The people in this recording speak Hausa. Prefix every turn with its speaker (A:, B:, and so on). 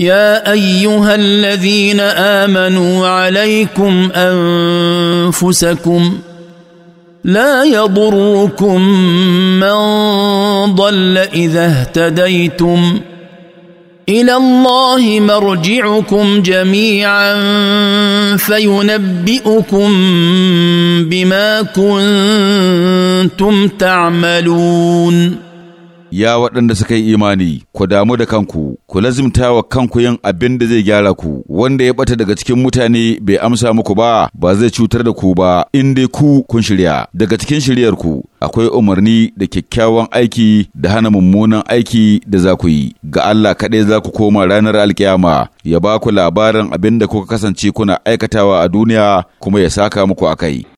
A: يا ايها الذين امنوا عليكم انفسكم لا يضركم من ضل اذا اهتديتم الى الله مرجعكم جميعا فينبئكم
B: بما كنتم تعملون Ya waɗanda suka yi imani, ku damu da kanku, ku lazimta wa kanku yin abin da zai gyara ku, wanda ya ɓata daga cikin mutane bai amsa muku ba, ba zai cutar da ku ba, in dai ku kun shirya. Daga cikin shiryarku akwai umarni da kyakkyawan aiki da hana mummunan aiki da za ku yi. Ga Allah kaɗai za ku koma ranar alkiyama, ya ba ku labarin abin da kuka kasance kuna aikatawa a duniya kuma ya
C: saka muku akai.